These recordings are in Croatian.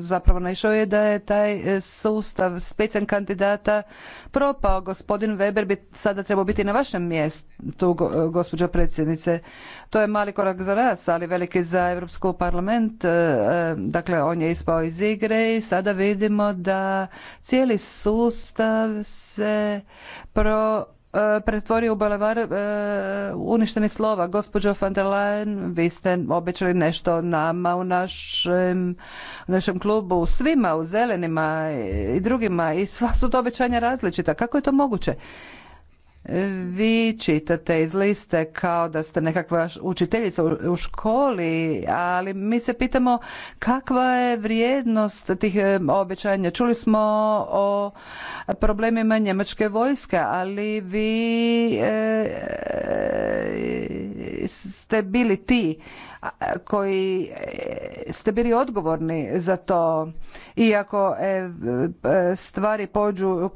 zapravo naišao je da je taj e, sustav specijan kandidata propao. Gospodin Weber bi sada trebao biti na vašem mjestu, e, gospođo predsjednice. To je mali korak za nas, ali veliki za Europsku parlament. E, dakle, on je ispao iz igre i sada vidimo da cijeli sustav se pro E, pretvorio u balevar e, uništenih slova. Gospođo van der Leyen, vi ste obećali nešto nama u našem, u našem klubu, svima u zelenima i drugima i sva su to obećanja različita. Kako je to moguće? vi čitate iz liste kao da ste nekakva učiteljica u školi, ali mi se pitamo kakva je vrijednost tih e, obećanja. Čuli smo o problemima njemačke vojske, ali vi e, e, ste bili ti koji e, ste bili odgovorni za to iako e, e, stvari pođu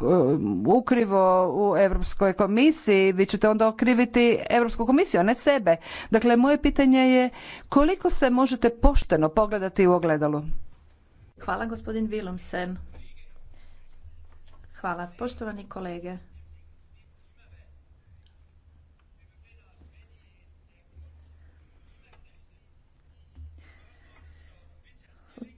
ukrivo u Europskoj komisiji vi ćete onda okriviti Europsku komisiju a ne sebe. Dakle moje pitanje je koliko se možete pošteno pogledati u ogledalu? Hvala gospodin Vilumsen. Hvala. Poštovani kolege,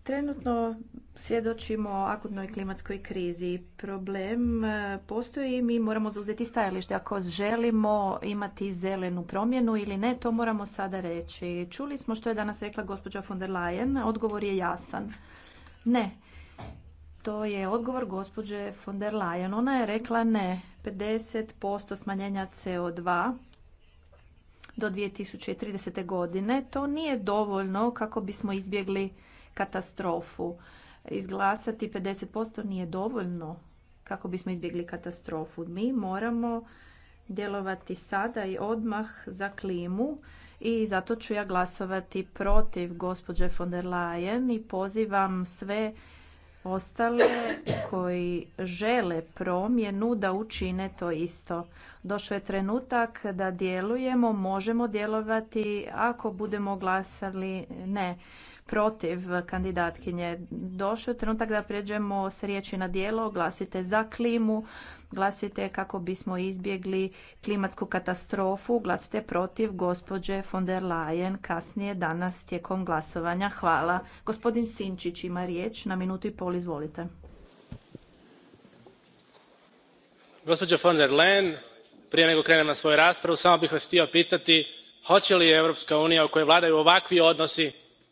Trenutno svjedočimo akutnoj klimatskoj krizi. Problem e, postoji i mi moramo zauzeti stajalište. Ako želimo imati zelenu promjenu ili ne, to moramo sada reći. Čuli smo što je danas rekla gospođa von der Leyen. Odgovor je jasan. Ne. To je odgovor gospođe von der Leyen. Ona je rekla ne. 50% smanjenja CO2 do 2030. godine. To nije dovoljno kako bismo izbjegli katastrofu. Izglasati 50% nije dovoljno kako bismo izbjegli katastrofu. Mi moramo djelovati sada i odmah za klimu i zato ću ja glasovati protiv gospođe von der Leyen i pozivam sve ostale koji žele promjenu da učine to isto. Došao je trenutak da djelujemo, možemo djelovati ako budemo glasali ne protiv kandidatkinje. Došao je trenutak da pređemo s riječi na dijelo, Glasite za klimu, glasite kako bismo izbjegli klimatsku katastrofu, Glasite protiv gospođe von der Leyen kasnije danas tijekom glasovanja. Hvala. Gospodin Sinčić ima riječ, na minutu i pol izvolite. Gospođo von der Leyen, prije nego krenem na svoju raspravu, samo bih vas htio pitati hoće li Europska unija u kojoj vladaju ovakvi odnosi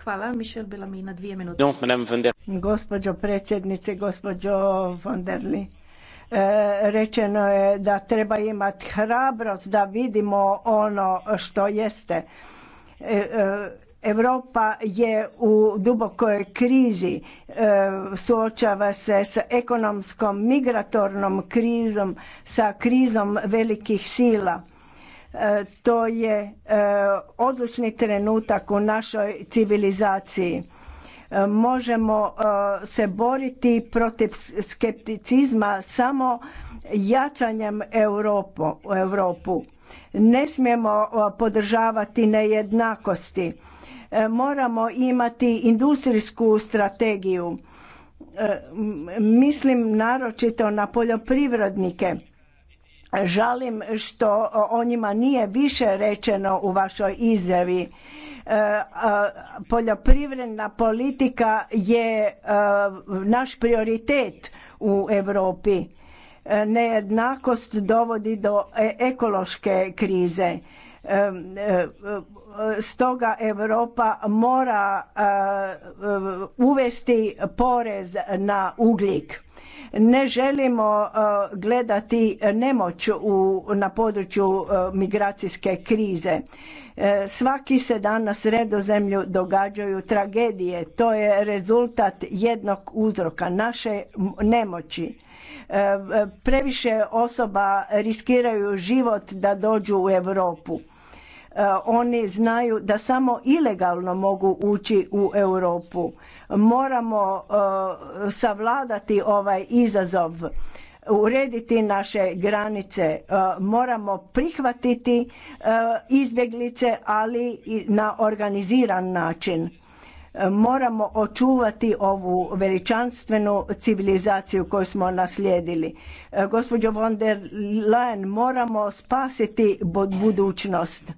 Hvala, Michel Gospođo predsjednice, gospođo von der Leyen. E, rečeno je da treba imati hrabrost da vidimo ono što jeste. E, e, Europa je u dubokoj krizi, suočava se s ekonomskom migratornom krizom, sa krizom velikih sila E, to je e, odlučni trenutak u našoj civilizaciji. E, možemo se boriti protiv skepticizma samo jačanjem Europu. Europu. Ne smijemo podržavati nejednakosti. Moramo imati industrijsku strategiju. Mislim naročito na poljoprivrednike žalim što o njima nije više rečeno u vašoj izjavi e, e, poljoprivredna politika je e, naš prioritet u Europi nejednakost dovodi do ekološke krize stoga Europa mora uvesti porez na ugljik ne želimo e, gledati nemoć u, na području e, migracijske krize. E, svaki se dan na sredozemlju događaju tragedije. To je rezultat jednog uzroka naše nemoći. Previše osoba riskiraju život da dođu u Europu oni znaju da samo ilegalno mogu ući u Europu. Moramo eh, savladati ovaj izazov, urediti naše granice, eh, moramo prihvatiti eh, izbjeglice, ali i na organiziran način moramo očuvati ovu veličanstvenu civilizaciju koju smo naslijedili. Gospođo von der Leyen, moramo spasiti budućnost.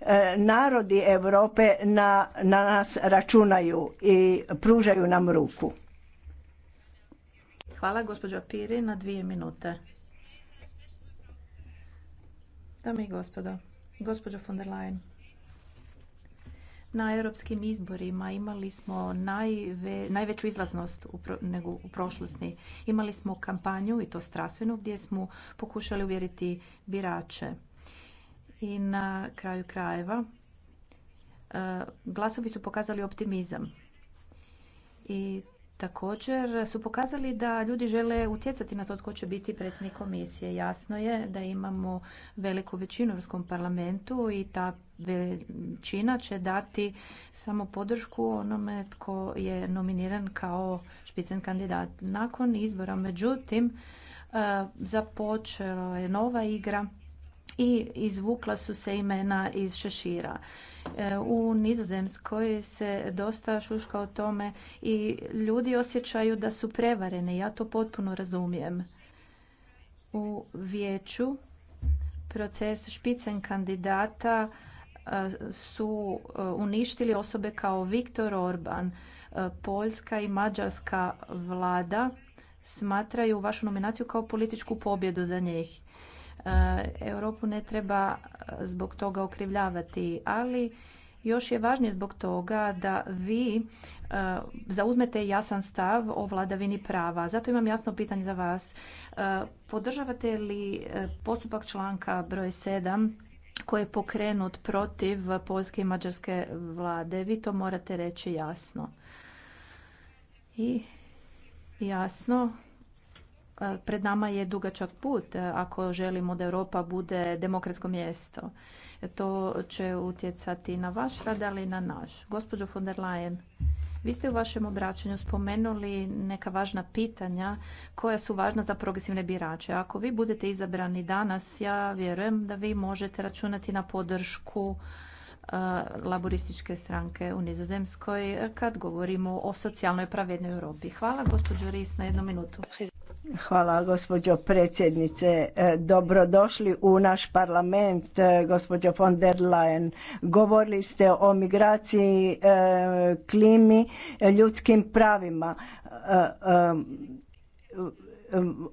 E, narodi Europe na, na nas računaju i pružaju nam ruku. Hvala gospođo Piri na dvije minute. Dame i gospodo, gospođo von der Leyen, na europskim izborima imali smo najveću izlaznost u nego u prošlosti. Imali smo kampanju, i to strastvenu, gdje smo pokušali uvjeriti birače i na kraju krajeva e, glasovi su pokazali optimizam i također su pokazali da ljudi žele utjecati na to tko će biti predsjednik komisije. Jasno je da imamo veliku većinu u Europskom parlamentu i ta većina će dati samo podršku onome tko je nominiran kao špicen kandidat. Nakon izbora, međutim, e, započela je nova igra i izvukla su se imena iz šešira. E, u Nizozemskoj se dosta šuška o tome i ljudi osjećaju da su prevareni. Ja to potpuno razumijem. U vijeću proces špicen kandidata e, su e, uništili osobe kao Viktor Orban. Poljska i mađarska vlada smatraju vašu nominaciju kao političku pobjedu za njih. E, Europu ne treba e, zbog toga okrivljavati, ali još je važnije zbog toga da vi e, zauzmete jasan stav o vladavini prava. Zato imam jasno pitanje za vas. Podržavate li postupak članka broj 7 koji je pokrenut protiv poljske i mađarske vlade? Vi to morate reći jasno. I jasno Pred nama je dugačak put e, ako želimo da Europa bude demokratsko mjesto. E, to će utjecati na vaš rad, ali i na naš. Gospođo von der Leyen, vi ste u vašem obraćanju spomenuli neka važna pitanja koja su važna za progresivne birače. Ako vi budete izabrani danas, ja vjerujem da vi možete računati na podršku e, laborističke stranke u Nizozemskoj kad govorimo o socijalnoj pravednoj Europi. Hvala gospođo Ris na jednu minutu. Hvala gospođo predsjednice. E, dobrodošli u naš parlament, e, gospođo von der Leyen. Govorili ste o migraciji, e, klimi, ljudskim pravima.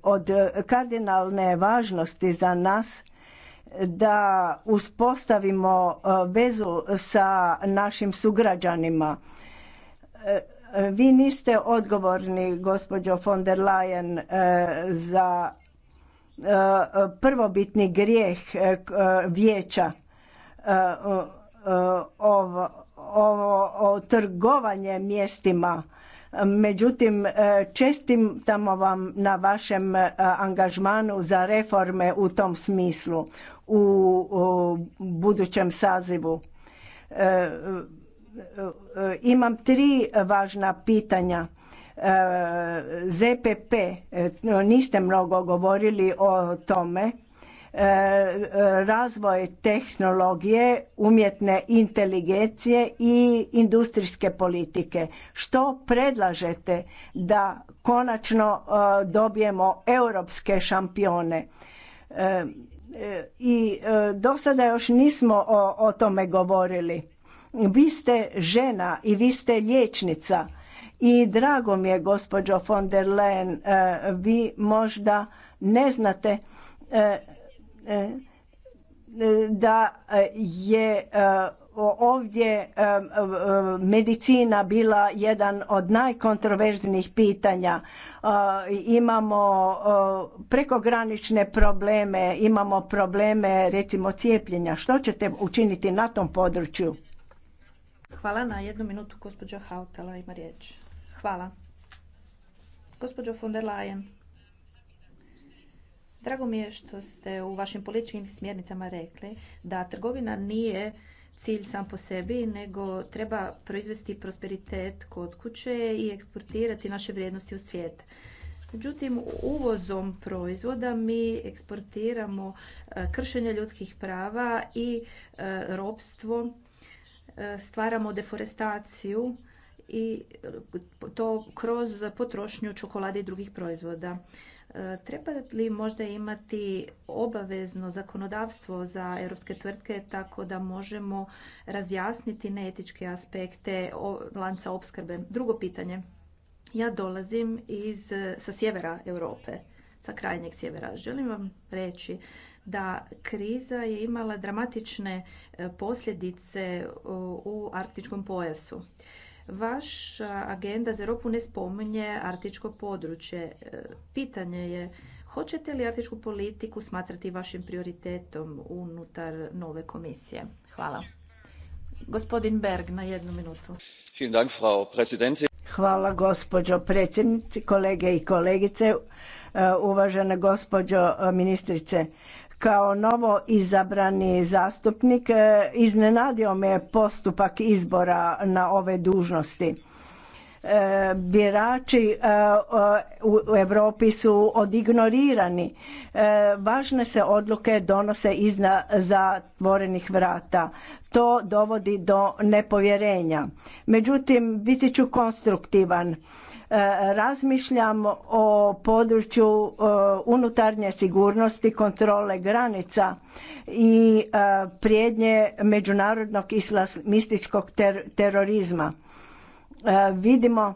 Od kardinalne važnosti za nas da uspostavimo vezu sa našim sugrađanima vi niste odgovorni, gospođo von der Leyen, e, za e, prvobitni grijeh e, vijeća ovo, trgovanje mjestima. Međutim, čestim tamo vam na vašem angažmanu za reforme u tom smislu u budućem sazivu imam tri važna pitanja. E, ZPP, e, niste mnogo govorili o tome, e, razvoj tehnologije, umjetne inteligencije i industrijske politike. Što predlažete da konačno dobijemo europske šampione? I do sada još nismo o, o tome govorili vi ste žena i vi ste liječnica i drago mi je gospođo von der Leyen, e, vi možda ne znate e, e, da je ovdje medicina bila jedan od najkontroverznijih pitanja. Imamo prekogranične probleme, imamo probleme recimo cijepljenja. Što ćete učiniti na tom području? Hvala na jednu minutu, gospođa Hautala ima riječ. Hvala. Gospođo von der Leyen, drago mi je što ste u vašim političkim smjernicama rekli da trgovina nije cilj sam po sebi, nego treba proizvesti prosperitet kod kuće i eksportirati naše vrijednosti u svijet. Međutim, uvozom proizvoda mi eksportiramo e, kršenje ljudskih prava i e, robstvo stvaramo deforestaciju i to kroz potrošnju čokolade i drugih proizvoda. E, treba li možda imati obavezno zakonodavstvo za europske tvrtke tako da možemo razjasniti neetičke aspekte lanca opskrbe? Drugo pitanje. Ja dolazim iz, sa sjevera Europe, sa krajnjeg sjevera. Želim vam reći da kriza je imala dramatične e, posljedice e, u arktičkom pojasu. Vaša agenda za Europu ne spominje arktičko područje. E, pitanje je hoćete li arktičku politiku smatrati vašim prioritetom unutar nove komisije? Hvala. Gospodin Berg na jednu minutu. Hvala gospođo predsjednici, kolege i kolegice, uvažena gospođo ministrice kao novo izabrani zastupnik e, iznenadio me postupak izbora na ove dužnosti E, birači e, u Europi su odignorirani. E, važne se odluke donose iznad zatvorenih vrata. To dovodi do nepovjerenja. Međutim, biti ću konstruktivan. Razmišljam o području unutarnje sigurnosti, kontrole granica i prijednje međunarodnog islamističkog terorizma E, vidimo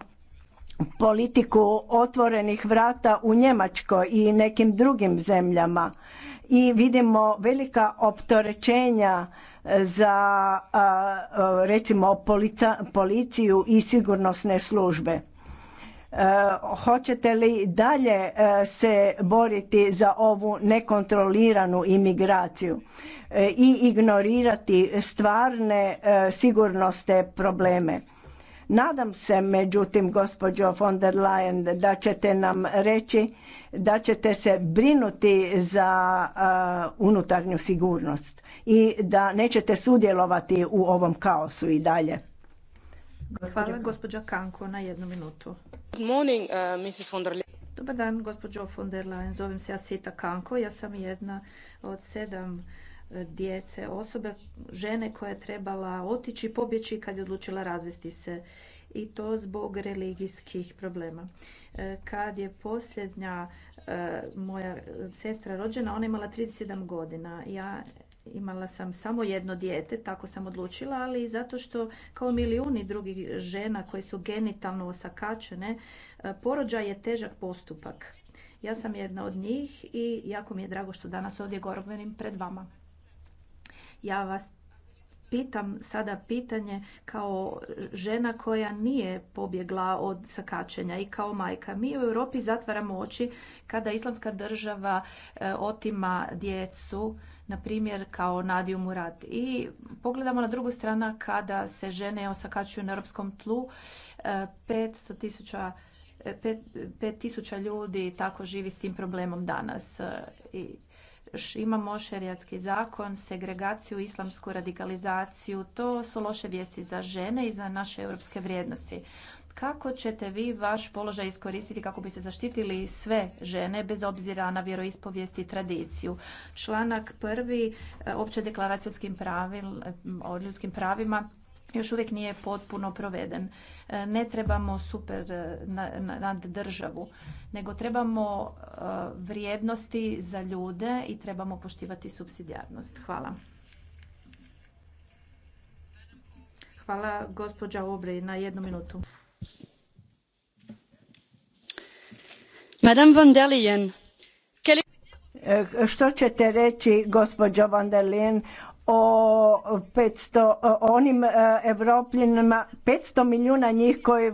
politiku otvorenih vrata u Njemačkoj i nekim drugim zemljama i vidimo velika opterećenja e, za recimo policiju i sigurnosne službe. E, hoćete li dalje se boriti za ovu nekontroliranu imigraciju i ignorirati stvarne sigurnosne probleme? Nadam se, međutim, gospođo von der Leyen, da ćete nam reći da ćete se brinuti za unutarnju sigurnost i da nećete sudjelovati u ovom kaosu i dalje. Hvala, gospođa Kanko, na jednu minutu. morning, uh, Von der Leyen. Dobar dan, gospođo von der Leyen. Zovem se Asita Kanko. Ja sam jedna od sedam djece, osobe, žene koja je trebala otići, i pobjeći kad je odlučila razvesti se i to zbog religijskih problema. E, kad je posljednja e, moja sestra rođena, ona je imala 37 godina. Ja imala sam samo jedno dijete, tako sam odlučila, ali i zato što kao milijuni drugih žena koje su genitalno osakačene, e, porođaj je težak postupak. Ja sam jedna od njih i jako mi je drago što danas ovdje govorim pred vama. Ja vas pitam sada pitanje kao žena koja nije pobjegla od sakačenja i kao majka. Mi u Europi zatvaramo oči kada islamska država e, otima djecu, na primjer kao Nadiju Murad. I pogledamo na drugu stranu kada se žene osakačuju na europskom tlu, 500 e, tisuća e, pet tisuća ljudi tako živi s tim problemom danas i imamo šerijatski zakon, segregaciju, islamsku radikalizaciju. To su loše vijesti za žene i za naše europske vrijednosti. Kako ćete vi vaš položaj iskoristiti kako bi se zaštitili sve žene bez obzira na vjeroispovijest i tradiciju? Članak prvi e, opće deklaracijskim e, o ljudskim pravima još uvijek nije potpuno proveden. E, ne trebamo super e, nad državu, nego trebamo e, vrijednosti za ljude i trebamo poštivati subsidijarnost. Hvala. Hvala gospođa Obrej, na jednu minutu. Madame von der što ćete reći gospođo von der o 500, onim e, evropljenima, 500 milijuna njih koji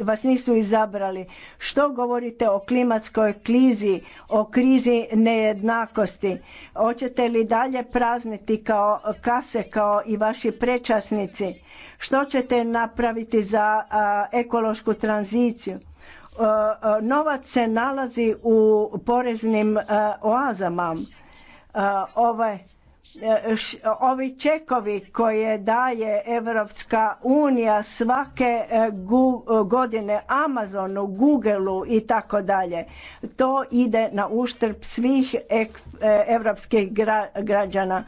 vas nisu izabrali. Što govorite o klimatskoj krizi, o krizi nejednakosti? Hoćete li dalje prazniti kao kase, kao i vaši prečasnici? Što ćete napraviti za ekološku tranziciju? E, e, novac se nalazi u poreznim oazama. ove. Ovaj E, ovi čekovi koje daje Evropska unija svake e, godine Amazonu, Googleu i tako dalje, to ide na uštrb svih e, evropskih građana.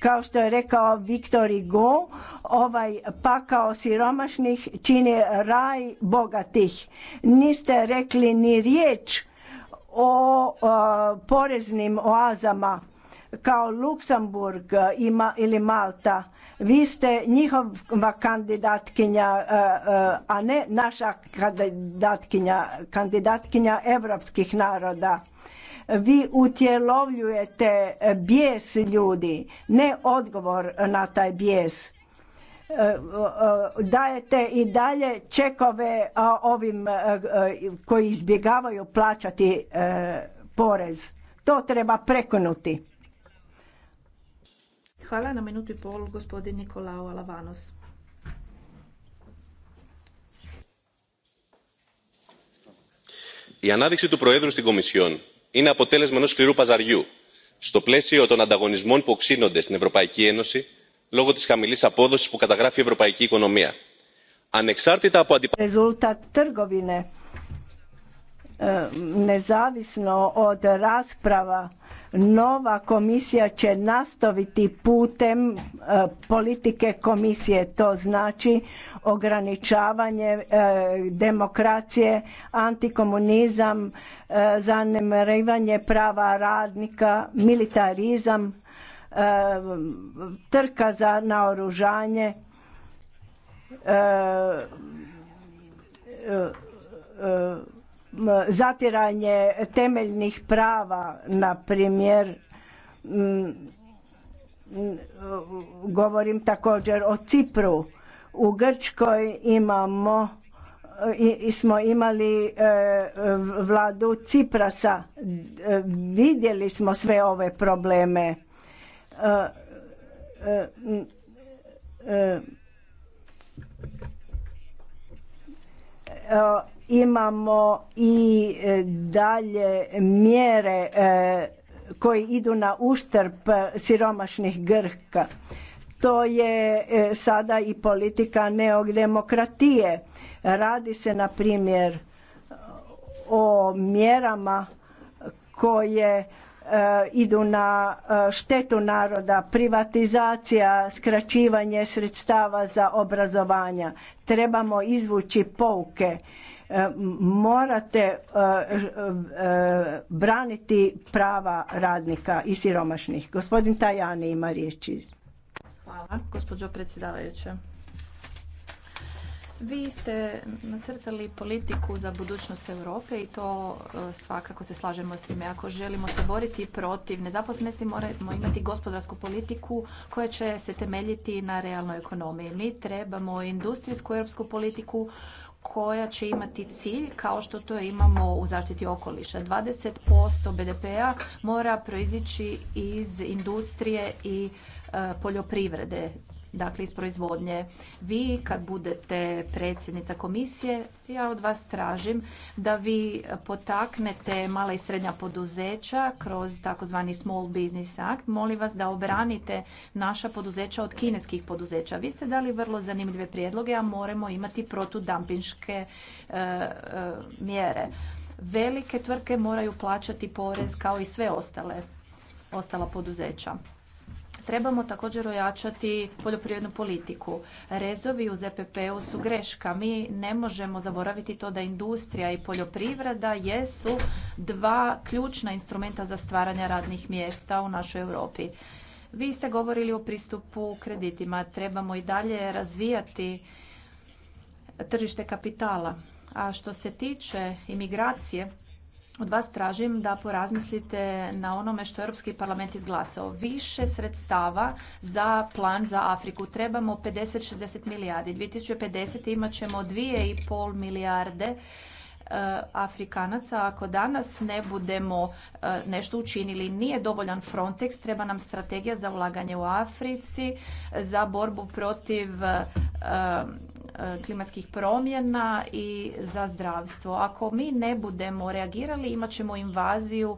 Kao što je rekao Viktor Go ovaj pakao siromašnih čini raj bogatih. Niste rekli ni riječ o poreznim oazama kao Luksemburg e, ima, ili Malta. Vi ste njihova kandidatkinja, e, e, a ne naša kandidatkinja, kandidatkinja evropskih naroda. Vi utjelovljujete bijes ljudi, ne odgovor na taj bijes dajete i dalje čekove ovim koji izbjegavaju plaćati porez. To treba prekonuti. Hvala na minutu i pol gospodin Nikolao Alavanos. Η ανάδειξη του Προέδρου στην Κομισιόν είναι αποτέλεσμα ενό σκληρού παζαριού στο πλαίσιο των ανταγωνισμών που οξύνονται στην Ευρωπαϊκή Ένωση λόγω της χαμηλή απόδοσης που καταγράφει η ευρωπαϊκή οικονομία. Ανεξάρτητα από αντιπροσωπεύσεις Nova komisija će nastaviti putem e, politike komisije, to znači ograničavanje e, demokracije, antikomunizam, e, zanemarivanje prava radnika, militarizam, trka za naoružanje, zatiranje temeljnih prava, na primjer, govorim također o Cipru. U Grčkoj imamo i smo imali e, vladu Ciprasa. E, vidjeli smo sve ove probleme. E, imamo i e, dalje mjere e, koji idu na uštrb e, siromašnih Grka. To je sada i politika neodemokratije. Radi se na primjer o mjerama koje idu na štetu naroda, privatizacija, skraćivanje sredstava za obrazovanja. Trebamo izvući pouke E, morate e, e, braniti prava radnika i siromašnih. Gospodin Tajani ima riječi. Hvala, gospođo predsjedavajuća. Vi ste nacrtali politiku za budućnost Europe i to svakako se slažemo s time. Ako želimo se boriti protiv nezaposlenosti, moramo imati gospodarsku politiku koja će se temeljiti na realnoj ekonomiji. Mi trebamo industrijsku europsku politiku koja će imati cilj kao što to imamo u zaštiti okoliša. 20% BDP-a mora proizići iz industrije i e, poljoprivrede dakle iz proizvodnje. Vi kad budete predsjednica komisije, ja od vas tražim da vi potaknete mala i srednja poduzeća kroz takozvani Small Business Act. Molim vas da obranite naša poduzeća od kineskih poduzeća. Vi ste dali vrlo zanimljive prijedloge, a moramo imati protudampinške e, e, mjere. Velike tvrtke moraju plaćati porez kao i sve ostale ostala poduzeća. Trebamo također ojačati poljoprivrednu politiku. Rezovi u ZPP-u su greška. Mi ne možemo zaboraviti to da industrija i poljoprivreda jesu dva ključna instrumenta za stvaranje radnih mjesta u našoj Europi. Vi ste govorili o pristupu kreditima. Trebamo i dalje razvijati tržište kapitala. A što se tiče imigracije, od vas tražim da porazmislite na onome što je Europski parlament izglasao. Više sredstava za plan za Afriku. Trebamo 50-60 milijardi. 2050. imat ćemo 2,5 milijarde eh, Afrikanaca. Ako danas ne budemo eh, nešto učinili, nije dovoljan Frontex, treba nam strategija za ulaganje u Africi, za borbu protiv eh, E, klimatskih promjena i za zdravstvo. Ako mi ne budemo reagirali imat ćemo invaziju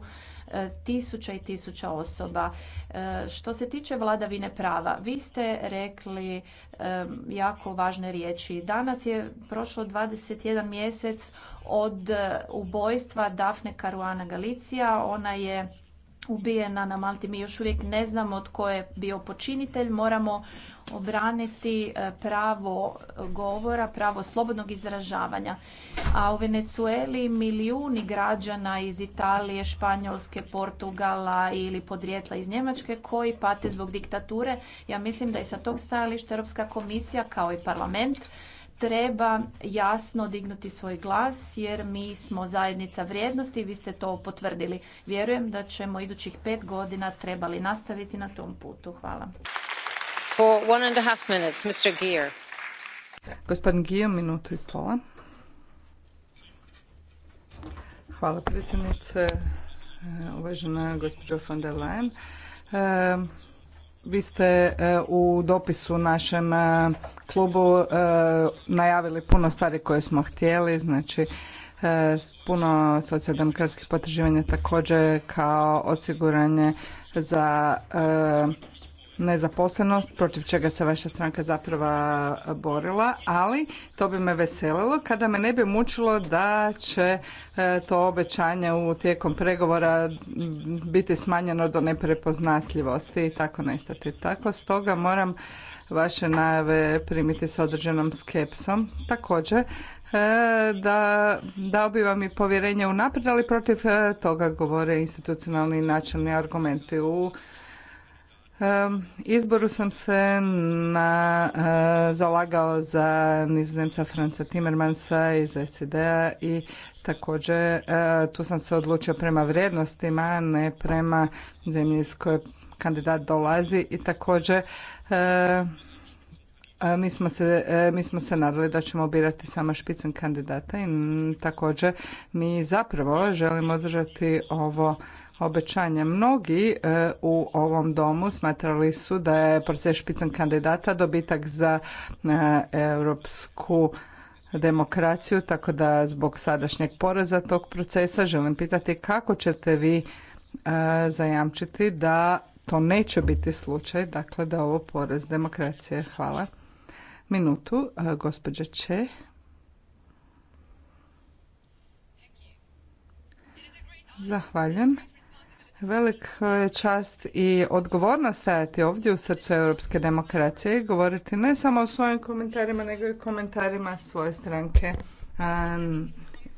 e, tisuća i tisuća osoba. E, što se tiče vladavine prava, vi ste rekli jako važne riječi. Danas je prošlo 21 mjesec od ubojstva Dafne Karuana Galicija. Ona je ubijena na Malti. Mi još uvijek ne znamo tko je bio počinitelj. Moramo obraniti e, pravo govora, pravo slobodnog izražavanja. A u Venecueli milijuni građana iz Italije, Španjolske, Portugala ili podrijetla iz Njemačke koji pate zbog diktature. Ja mislim da i sa tog stajališta Europska komisija kao i parlament treba jasno dignuti svoj glas jer mi smo zajednica vrijednosti i vi ste to potvrdili. Vjerujem da ćemo idućih pet godina trebali nastaviti na tom putu. Hvala. Gospodin i pola. Hvala predsjednice, e, uvažena gospođo von der Leyen. E, vi ste e, u dopisu našem klubu najavili puno stvari koje smo htjeli, znači puno socijaldemokratskih potraživanja također kao osiguranje za nezaposlenost protiv čega se vaša stranka zapravo borila, ali to bi me veselilo kada me ne bi mučilo da će e, to obećanje u tijekom pregovora biti smanjeno do neprepoznatljivosti i tako nestati. Tako stoga moram vaše najave primiti s određenom skepsom. Također, e, da dao bi vam i povjerenje u napred, ali protiv e, toga govore institucionalni i načelni argumenti u Izboru sam se na, e, zalagao za nizozemca Franca Timmermansa iz SED-a i također e, tu sam se odlučio prema vrijednostima, ne prema zemlji iz koje kandidat dolazi i također e, mi smo, se, mi smo se nadali da ćemo birati samo špicen kandidata i također mi zapravo želimo održati ovo obećanja. Mnogi e, u ovom domu smatrali su da je proces špican kandidata dobitak za e, europsku demokraciju, tako da zbog sadašnjeg poreza tog procesa želim pitati kako ćete vi e, zajamčiti da to neće biti slučaj, dakle da ovo porez demokracije. Hvala. Minutu, gospođa Če. Zahvaljujem. Velik je čast i odgovornost stajati ovdje u srcu europske demokracije i govoriti ne samo o svojim komentarima, nego i komentarima svoje stranke. E,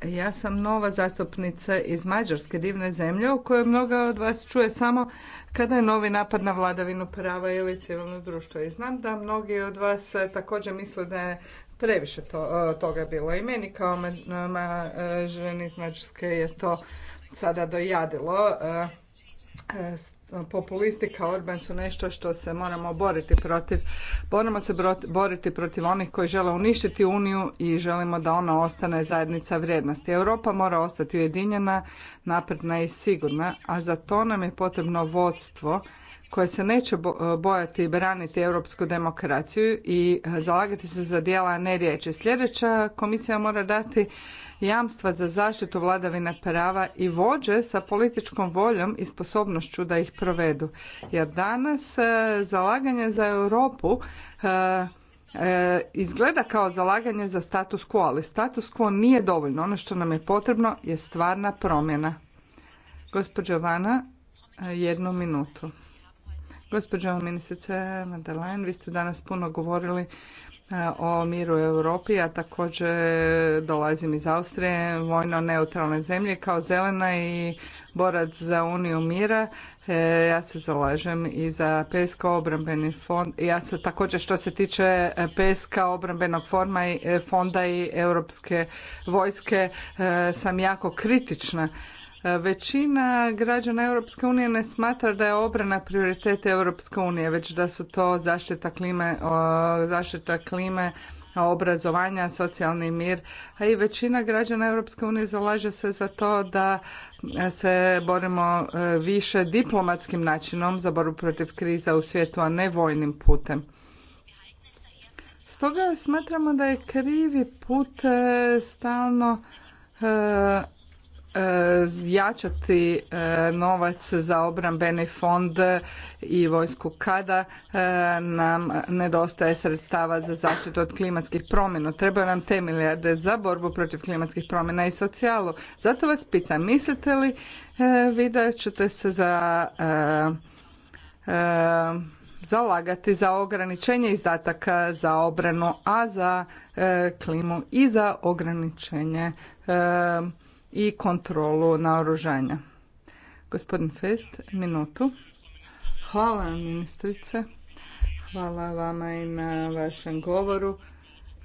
ja sam nova zastupnica iz Mađarske divne zemlje u kojoj mnoga od vas čuje samo kada je novi napad na vladavinu prava ili civilno društvo. I znam da mnogi od vas e, također misle da je previše to, e, toga bilo. I meni kao ženi iz Mađarske je to sada dojadilo. E, populistika Orban su nešto što se moramo boriti protiv. Moramo se boriti protiv onih koji žele uništiti Uniju i želimo da ona ostane zajednica vrijednosti. Europa mora ostati ujedinjena, napredna i sigurna, a za to nam je potrebno vodstvo koje se neće e, bojati braniti europsku demokraciju i e, zalagati se za djela, a ne riječi. Sljedeća komisija mora dati jamstva za zaštitu vladavine prava i vođe sa političkom voljom i sposobnošću da ih provedu. Jer danas e, zalaganje za Europu izgleda kao zalaganje za status quo, ali status quo nije dovoljno. Ono što nam je potrebno je stvarna promjena. Gospođo Vana, jednu minutu. Gospođo ministrice Madeleine, vi ste danas puno govorili e, o miru u Europi, a također dolazim iz Austrije, vojno neutralne zemlje kao zelena i borac za Uniju mira. E, ja se zalažem i za PSK obrambeni fond. Ja se također što se tiče e, PSK obrambenog forma i fonda i europske vojske sam jako kritična. Većina građana Europske unije ne smatra da je obrana prioritet Europske unije, već da su to zaštita klime, zaštita klime obrazovanja, socijalni mir, a i većina građana Europske unije zalaže se za to da se borimo e, više diplomatskim načinom za borbu protiv kriza u svijetu, a ne vojnim putem. Stoga smatramo da je krivi put e, stalno e, E, jačati e, novac za obrambeni fond i vojsku kada e, nam nedostaje sredstava za zaštitu od klimatskih promjena. Treba nam te milijarde za borbu protiv klimatskih promjena i socijalu. Zato vas pitam, mislite li vi da ćete se za zalagati za ograničenje izdataka za obranu, a za klimu i za ograničenje i kontrolu naoružanja. Gospodin Fest, minutu. Hvala ministrice, hvala vama i na vašem govoru.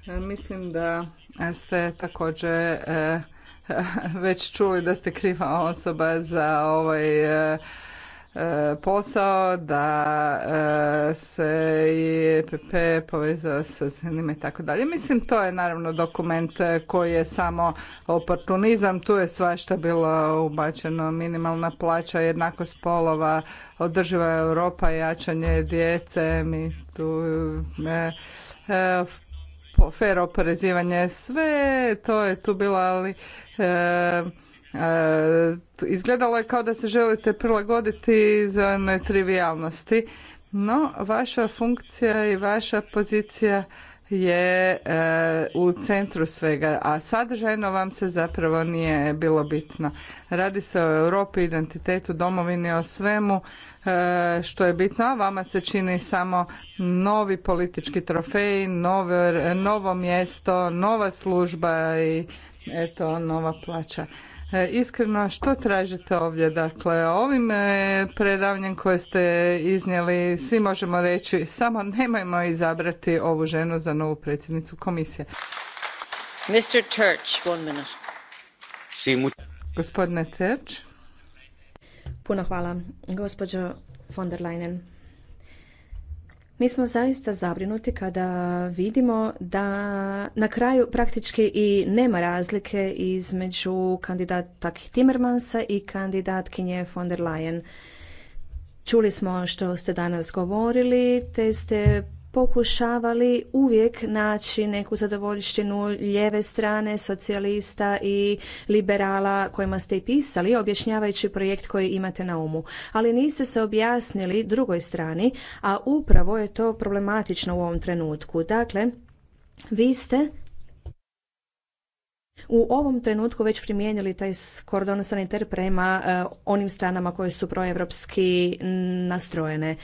E, mislim da ste također e, već čuli da ste kriva osoba za ovaj e, E, posao, da se i EPP povezao sa zemljima i tako dalje. Mislim, to je naravno dokument koji je samo oportunizam, tu je svašta bilo ubačeno, minimalna plaća, jednakost polova, održiva Europa, jačanje djece, mi tu e, e, fer oporezivanje, sve to je tu bilo, ali e, E, izgledalo je kao da se želite prilagoditi za trivialnosti, no vaša funkcija i vaša pozicija je e, u centru svega, a sadržajno vam se zapravo nije bilo bitno. Radi se o Europi, identitetu, domovini, o svemu e, što je bitno, a vama se čini samo novi politički trofej, novo mjesto, nova služba i eto, nova plaća. E, iskreno, što tražite ovdje? Dakle, ovim e, predavnjem koje ste iznijeli, svi možemo reći, samo nemojmo izabrati ovu ženu za novu predsjednicu komisije. Mr. Church, one minute. Gospodine Terč. Puno hvala. Gospođo von der Leinen mi smo zaista zabrinuti kada vidimo da na kraju praktički i nema razlike između kandidata Timmermansa i kandidatkinje von der Leyen. Čuli smo što ste danas govorili, te ste pokušavali uvijek naći neku zadovoljštinu lijeve strane, socijalista i liberala kojima ste i pisali, objašnjavajući projekt koji imate na umu. Ali niste se objasnili drugoj strani, a upravo je to problematično u ovom trenutku. Dakle, vi ste u ovom trenutku već primijenili taj kordon saniter prema e, onim stranama koje su proevropski nastrojene.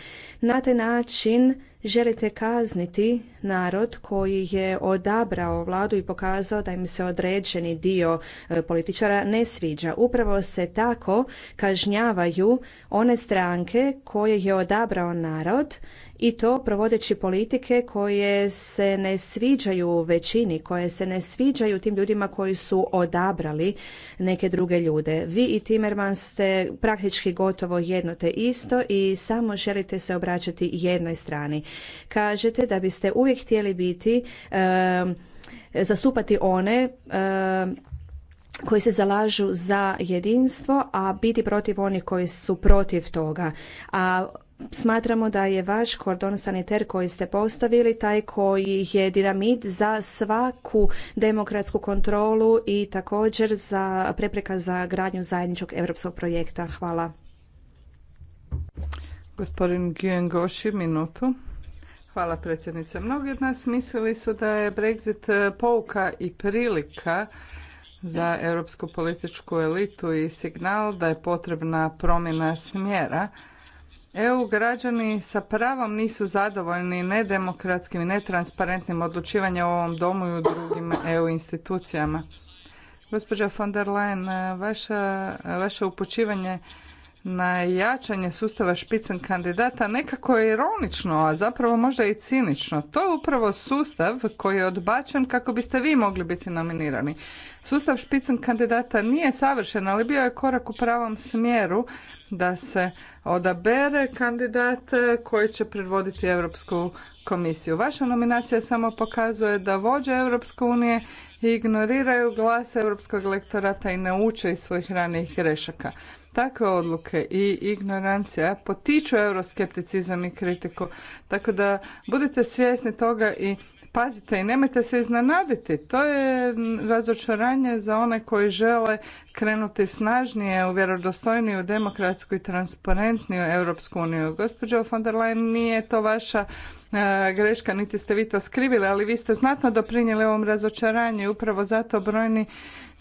Na taj način želite kazniti narod koji je odabrao vladu i pokazao da im se određeni dio e, političara ne sviđa. Upravo se tako kažnjavaju one stranke koje je odabrao narod i to provodeći politike koje se ne sviđaju većini, koje se ne sviđaju tim ljudima koji su odabrali neke druge ljude. Vi i Timerman ste praktički gotovo jedno te isto i samo želite se obraćati jednoj strani. Kažete da biste uvijek htjeli biti zastupati one koji se zalažu za jedinstvo, a biti protiv onih koji su protiv toga. A smatramo da je vaš kordon saniter koji ste postavili taj koji je dinamit za svaku demokratsku kontrolu i također za prepreka za gradnju zajedničkog europskog projekta. Hvala. Gospodin Goši, minutu. Hvala predsjednice. Mnogi od nas mislili su da je Brexit e, pouka i prilika za europsku političku elitu i signal da je potrebna promjena smjera EU građani sa pravom nisu zadovoljni nedemokratskim i netransparentnim odlučivanjem u ovom domu i u drugim EU institucijama. Gospođa von der Leyen, vaša, vaše upućivanje na jačanje sustava špicen kandidata nekako je ironično, a zapravo možda i cinično. To je upravo sustav koji je odbačen kako biste vi mogli biti nominirani. Sustav špicen kandidata nije savršen, ali bio je korak u pravom smjeru da se odabere kandidat koji će predvoditi Europsku komisiju. Vaša nominacija samo pokazuje da vođe Europske unije ignoriraju glas Europskog elektorata i ne uče iz svojih ranijih grešaka takve odluke i ignorancija potiču euroskepticizam i kritiku. Tako da budite svjesni toga i pazite i nemojte se iznenaditi. To je razočaranje za one koji žele krenuti snažnije u vjerodostojniju, demokratsku i transparentniju Europsku uniju. Gospođo von der Leyen, nije to vaša e, greška, niti ste vi to skrivili, ali vi ste znatno doprinijeli ovom razočaranju i upravo zato brojni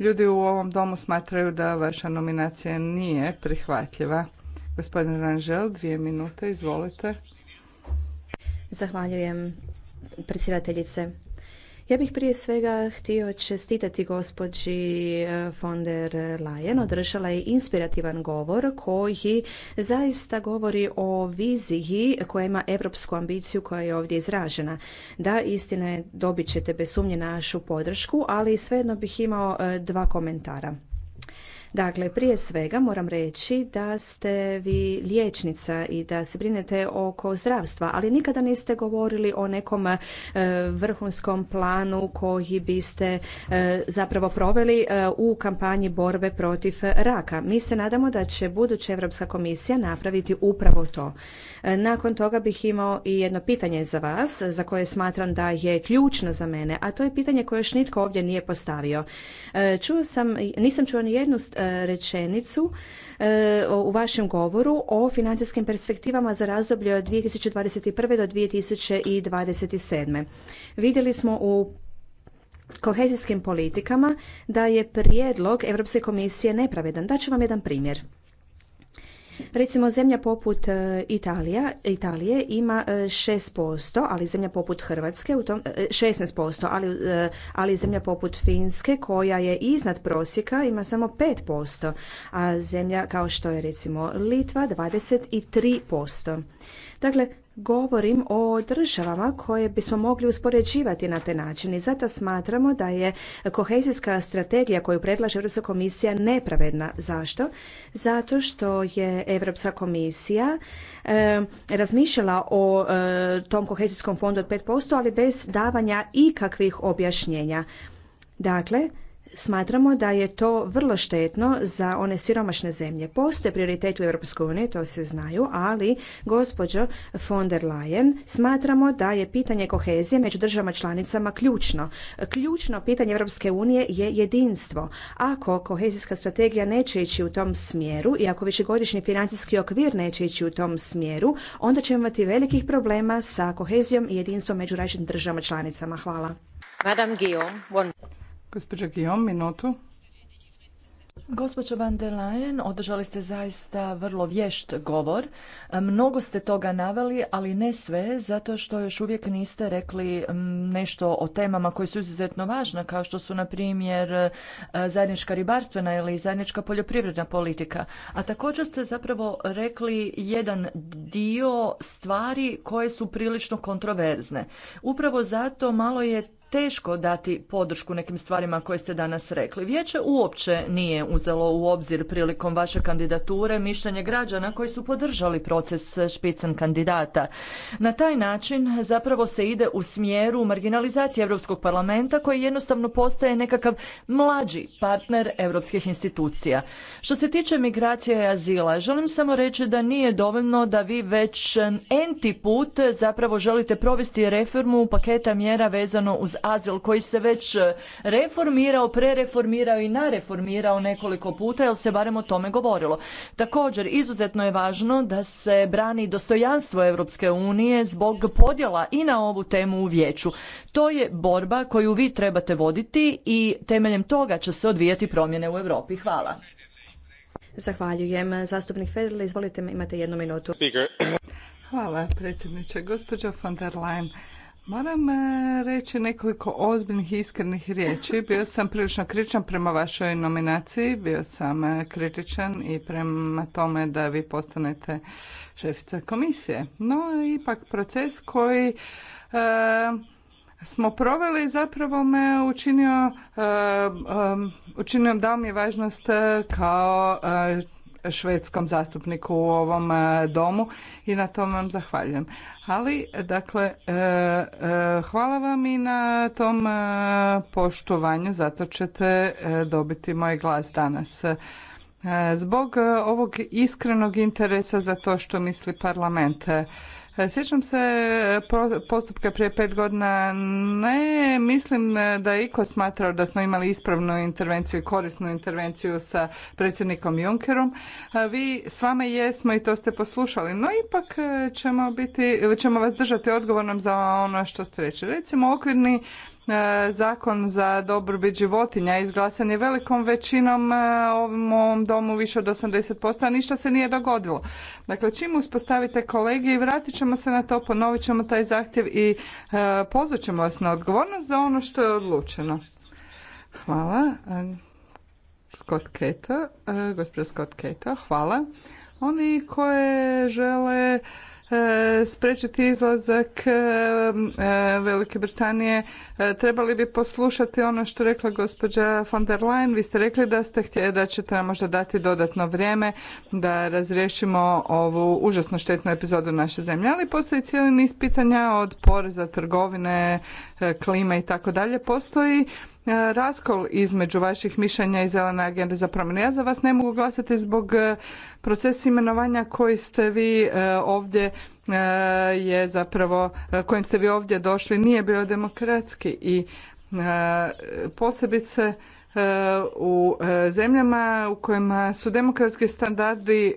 Ljudi u ovom domu smatraju da vaša nominacija nije prihvatljiva. Gospodin Ranžel, dvije minute, izvolite. Zahvaljujem predsjedateljice. Ja bih prije svega htio čestitati gospođi e, von der Leyen. Održala je inspirativan govor koji zaista govori o viziji koja ima europsku ambiciju koja je ovdje izražena. Da, istina je, dobit ćete bez sumnje našu podršku, ali svejedno bih imao e, dva komentara. Dakle, prije svega moram reći da ste vi liječnica i da se brinete oko zdravstva, ali nikada niste govorili o nekom e, vrhunskom planu koji biste e, zapravo proveli e, u kampanji borbe protiv raka. Mi se nadamo da će buduća Europska komisija napraviti upravo to. Nakon toga bih imao i jedno pitanje za vas, za koje smatram da je ključno za mene, a to je pitanje koje još nitko ovdje nije postavio. Čuo sam, nisam čuo ni jednu E, rečenicu e, u vašem govoru o financijskim perspektivama za razdoblje od 2021. do 2027. Vidjeli smo u kohezijskim politikama da je prijedlog Europske komisije nepravedan. Daću vam jedan primjer. Recimo zemlja poput e, Italija, Italije ima 6%, e, ali zemlja poput Hrvatske u tom 16%, e, ali, ali zemlja poput Finske koja je iznad prosjeka ima samo 5%, a zemlja kao što je recimo Litva 23%. Dakle, govorim o državama koje bismo mogli uspoređivati na te načine. i zato smatramo da je kohezijska strategija koju predlaže Europska komisija nepravedna. Zašto? Zato što je Europska komisija e, razmišljala o e, tom kohezijskom fondu od 5%, ali bez davanja ikakvih objašnjenja. Dakle, Smatramo da je to vrlo štetno za one siromašne zemlje. Postoje prioritet u Europskoj to se znaju, ali gospođo von der Leyen, smatramo da je pitanje kohezije među državama članicama ključno. Ključno pitanje Europske unije je jedinstvo. Ako kohezijska strategija neće ići u tom smjeru i ako višegodišnji financijski okvir neće ići u tom smjeru, onda ćemo imati velikih problema sa kohezijom i jedinstvom među različitim državama članicama. Hvala. Gospođa Guillaume, minutu. Gospođo van der Leyen, održali ste zaista vrlo vješt govor. Mnogo ste toga naveli, ali ne sve, zato što još uvijek niste rekli mm, nešto o temama koje su izuzetno važne, kao što su, na primjer, e, zajednička ribarstvena ili zajednička poljoprivredna politika. A također ste zapravo rekli jedan dio stvari koje su prilično kontroverzne. Upravo zato malo je teško dati podršku nekim stvarima koje ste danas rekli. Vijeće uopće nije uzelo u obzir prilikom vaše kandidature mišljenje građana koji su podržali proces špicen kandidata. Na taj način zapravo se ide u smjeru marginalizacije Europskog parlamenta koji jednostavno postaje nekakav mlađi partner europskih institucija. Što se tiče migracije i azila, želim samo reći da nije dovoljno da vi već enti put zapravo želite provesti reformu paketa mjera vezano uz azil koji se već e, reformirao, prereformirao i nareformirao nekoliko puta jer se barem o tome govorilo. Također, izuzetno je važno da se brani dostojanstvo Europske unije zbog podjela i na ovu temu u vijeću. To je borba koju vi trebate voditi i temeljem toga će se odvijati promjene u Europi. Hvala. Zahvaljujem. Zastupnik Federle, izvolite, imate jednu minutu. Hvala, predsjedniče. Gospođo von der Leyen, Moram e, reći nekoliko ozbiljnih i iskrenih riječi. Bio sam prilično kritičan prema vašoj nominaciji, bio sam e, kritičan i prema tome da vi postanete šefica komisije. No, ipak proces koji e, smo proveli zapravo me učinio, e, učinio dao mi je važnost kao švedskom zastupniku u ovom e, domu i na tom vam zahvaljujem. Ali, dakle, e, e, hvala vam i na tom poštovanju, zato ćete dobiti moj glas danas. Zbog ovog iskrenog interesa za to što misli parlament, E, sjećam se e, postupka prije pet godina. Ne, mislim e, da je iko smatrao da smo imali ispravnu intervenciju i korisnu intervenciju sa predsjednikom Junckerom. Vi s vama jesmo i to ste poslušali, no ipak ćemo, biti, ćemo vas držati odgovornom za ono što ste reći. Recimo, okvirni E, zakon za dobrobit životinja izglasan je velikom većinom e, ovom, ovom domu više od 80%, a ništa se nije dogodilo. Dakle, čim uspostavite kolege i vratit ćemo se na to, ponovit ćemo taj zahtjev i e, pozvat ćemo vas na odgovornost za ono što je odlučeno. Hvala. Scott Cato, gospođa Scott hvala. Oni koje žele E, sprečiti izlazak e, e, Velike Britanije, trebali bi poslušati ono što rekla gospođa von der Leyen. Vi ste rekli da ste htjeli da ćete nam možda dati dodatno vrijeme da razriješimo ovu užasno štetnu epizodu naše zemlje, ali postoji cijeli niz pitanja od poreza, trgovine, klima i tako dalje. Postoji E, raskol između vaših mišljenja i zelene agende za promjenu. Ja za vas ne mogu glasati zbog e, procesa imenovanja koji ste vi e, ovdje je zapravo kojim ste vi ovdje došli nije bio demokratski i posebice u zemljama u kojima su demokratski standardi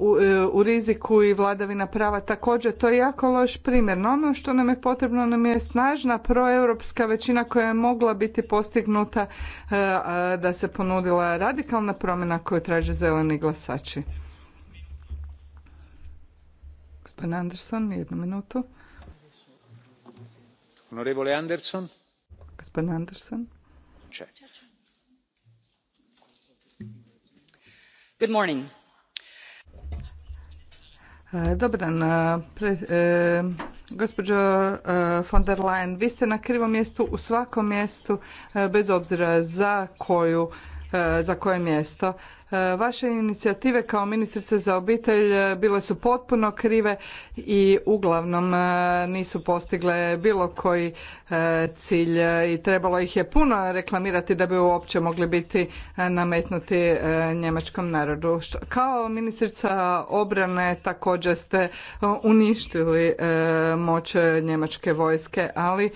E, u, riziku i vladavina prava također. To je jako loš primjer. No ono što nam je potrebno nam je snažna proeuropska većina koja je mogla biti postignuta e, da se ponudila radikalna promjena koju traže zeleni glasači. Gospodin Anderson, jednu minutu. Honorevole Anderson. Gospodin Anderson. Good morning. E, dobar dan, e, e, gospođo von der Leyen, vi ste na krivom mjestu u svakom mjestu, bez obzira za koju E, za koje mjesto. E, vaše inicijative kao ministrice za obitelj e, bile su potpuno krive i uglavnom nisu postigle bilo koji cilj i trebalo ih je puno reklamirati da bi uopće mogli biti nametnuti njemačkom narodu. Kao ministrica obrane također ste uništili moć njemačke vojske, ali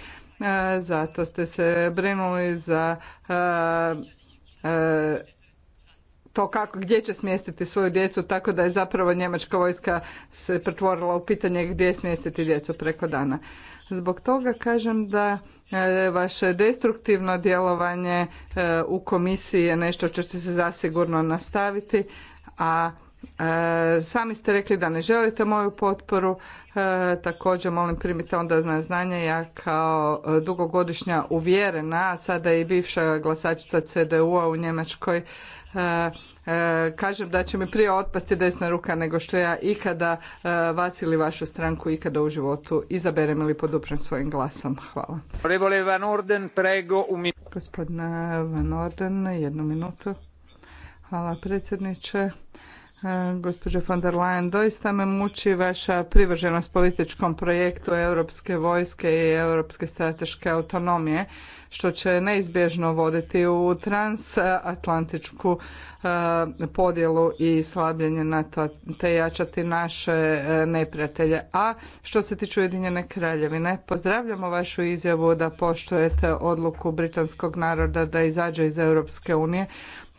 zato ste se brinuli za E, to kako, gdje će smjestiti svoju djecu, tako da je zapravo njemačka vojska se pretvorila u pitanje gdje smjestiti djecu preko dana. Zbog toga kažem da e, vaše destruktivno djelovanje e, u komisiji je nešto što će se zasigurno nastaviti, a E, sami ste rekli da ne želite moju potporu, e, također molim primite onda na znanje ja kao e, dugogodišnja uvjerena, a sada i bivša glasačica CDU-a u Njemačkoj, kažem da će mi prije otpasti desna ruka nego što ja ikada vas ili vašu stranku ikada u životu izaberem ili poduprem svojim glasom. Hvala. Van Orden, prego Van Orden, jednu minutu. Hvala predsjedniče gospođo von der Leyen, doista me muči vaša privrženost političkom projektu europske vojske i europske strateške autonomije, što će neizbježno voditi u transatlantičku e, podjelu i slabljenje NATO te jačati naše e, neprijatelje. A što se tiče Ujedinjene kraljevine, pozdravljamo vašu izjavu da poštujete odluku britanskog naroda da izađe iz Europske unije,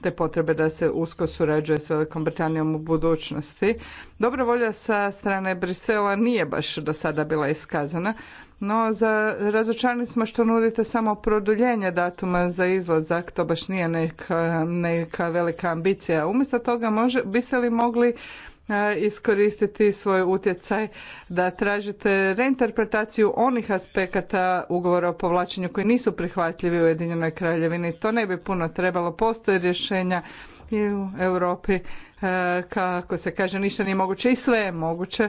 te potrebe da se usko surađuje s Velikom Britanijom u budućnosti. Dobra volja sa strane Brisela nije baš do sada bila iskazana, no za, razočarani smo što nudite samo produljenje datuma za izlazak, to baš nije neka, neka velika ambicija. Umjesto toga može, biste li mogli E, iskoristiti svoj utjecaj da tražite reinterpretaciju onih aspekata ugovora o povlačenju koji nisu prihvatljivi u Ujedinjenoj Kraljevini. To ne bi puno trebalo. Postoje rješenja i u Europi e, kako se kaže ništa nije moguće i sve je moguće.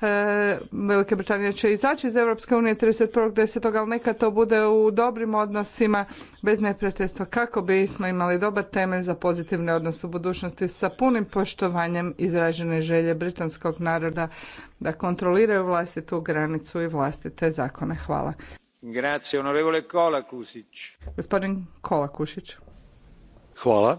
E, Velika Britanija će izaći iz Europske unije 31.10. ali neka to bude u dobrim odnosima bez neprijateljstva kako bismo imali dobar temelj za pozitivne odnose u budućnosti sa punim poštovanjem izražene želje britanskog naroda da kontroliraju vlastitu granicu i vlastite zakone. Hvala. Grazie, onorevole Gospodin Kolakušić. Hvala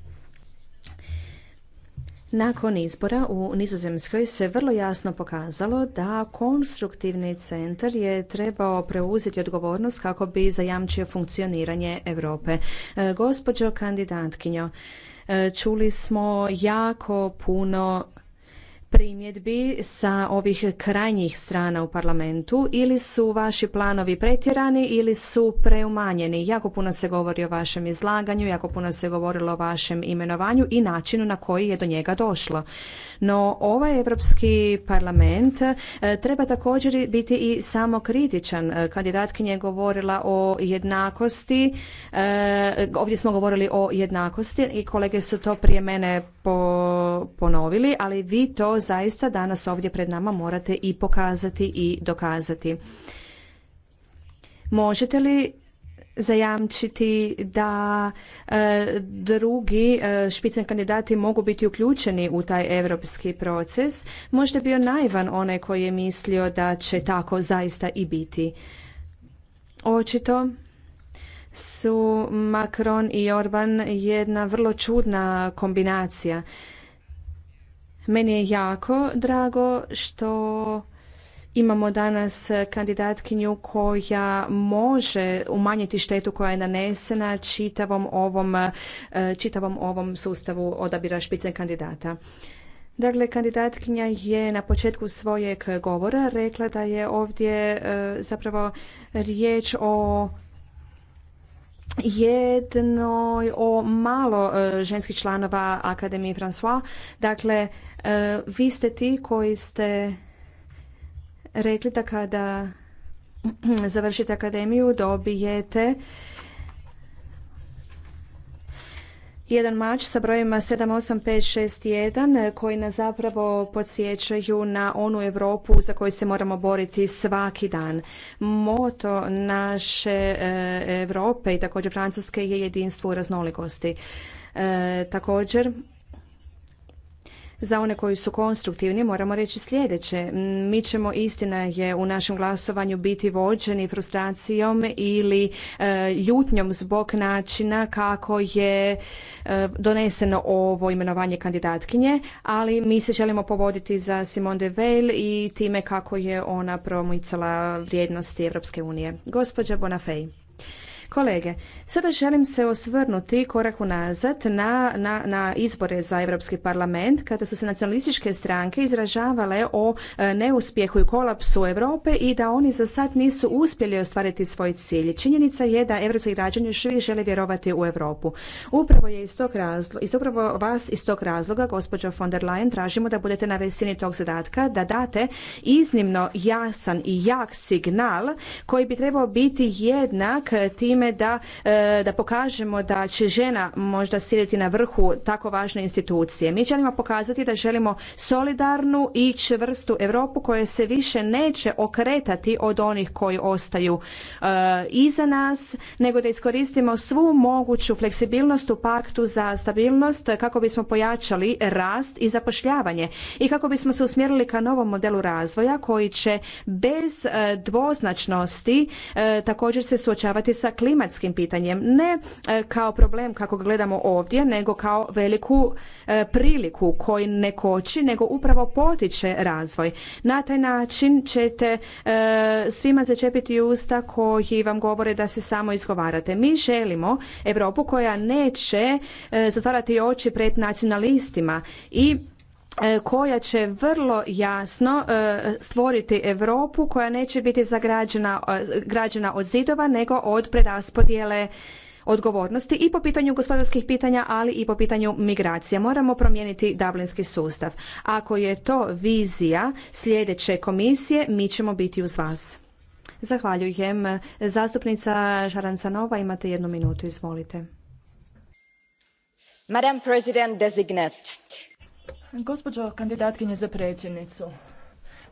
Nakon izbora u Nizozemskoj se vrlo jasno pokazalo da konstruktivni centar je trebao preuzeti odgovornost kako bi zajamčio funkcioniranje Europe. E, gospođo kandidatkinjo, e, čuli smo jako puno primjedbi sa ovih krajnjih strana u parlamentu ili su vaši planovi pretjerani ili su preumanjeni. Jako puno se govori o vašem izlaganju, jako puno se govorilo o vašem imenovanju i načinu na koji je do njega došlo. No ovaj Europski parlament e, treba također biti i samokritičan. E, kandidatkinja je govorila o jednakosti, e, ovdje smo govorili o jednakosti i kolege su to prije mene ponovili, ali vi to zaista danas ovdje pred nama morate i pokazati i dokazati. Možete li zajamčiti da e, drugi e, špicen kandidati mogu biti uključeni u taj europski proces. Možda bio najvan onaj koji je mislio da će tako zaista i biti. Očito su Macron i Orban jedna vrlo čudna kombinacija. Meni je jako drago što imamo danas kandidatkinju koja može umanjiti štetu koja je nanesena čitavom ovom, e, čitavom ovom sustavu odabira špice kandidata. Dakle, kandidatkinja je na početku svojeg govora rekla da je ovdje e, zapravo riječ o jednoj o malo e, ženskih članova Akademije François. Dakle, E, vi ste ti koji ste rekli da kada završite akademiju dobijete jedan mač sa brojima 78561 koji nas zapravo podsjećaju na onu Europu za koju se moramo boriti svaki dan. Moto naše e, Europe i također Francuske je jedinstvo u raznolikosti. E, također za one koji su konstruktivni moramo reći sljedeće. Mi ćemo, istina je, u našem glasovanju biti vođeni frustracijom ili e, ljutnjom zbog načina kako je e, doneseno ovo imenovanje kandidatkinje, ali mi se želimo povoditi za Simone de Veil i time kako je ona promicala vrijednosti Europske unije. Gospođa Bonafej. Kolege, sada želim se osvrnuti korak unazad na, na, na izbore za Europski parlament kada su se nacionalističke stranke izražavale o e, neuspjehu i kolapsu Europe i da oni za sad nisu uspjeli ostvariti svoj cilj. Činjenica je da europski građani još uvijek žele vjerovati u Europu. Upravo je iz tog razloga, iz upravo vas iz tog razloga, gospođo von der Leyen, tražimo da budete na visini tog zadatka, da date iznimno jasan i jak signal koji bi trebao biti jednak tim time da, e, da pokažemo da će žena možda sjediti na vrhu tako važne institucije. Mi želimo pokazati da želimo solidarnu i čvrstu Europu koja se više neće okretati od onih koji ostaju e, iza nas, nego da iskoristimo svu moguću fleksibilnost u paktu za stabilnost kako bismo pojačali rast i zapošljavanje i kako bismo se usmjerili ka novom modelu razvoja koji će bez e, dvoznačnosti također se suočavati sa klimatskim klimatskim pitanjem, ne e, kao problem kako gledamo ovdje, nego kao veliku e, priliku koji ne koči, nego upravo potiče razvoj. Na taj način ćete e, svima začepiti usta koji vam govore da se samo izgovarate. Mi želimo Europu koja neće zatvarati oči pred nacionalistima i E, koja će vrlo jasno e, stvoriti Europu koja neće biti zagrađena e, građena od zidova nego od preraspodjele odgovornosti i po pitanju gospodarskih pitanja, ali i po pitanju migracija. Moramo promijeniti dublinski sustav. Ako je to vizija sljedeće komisije, mi ćemo biti uz vas. Zahvaljujem. Zastupnica nova imate jednu minutu, izvolite. Madam President designate, Gospođo kandidatkinje za predsjednicu,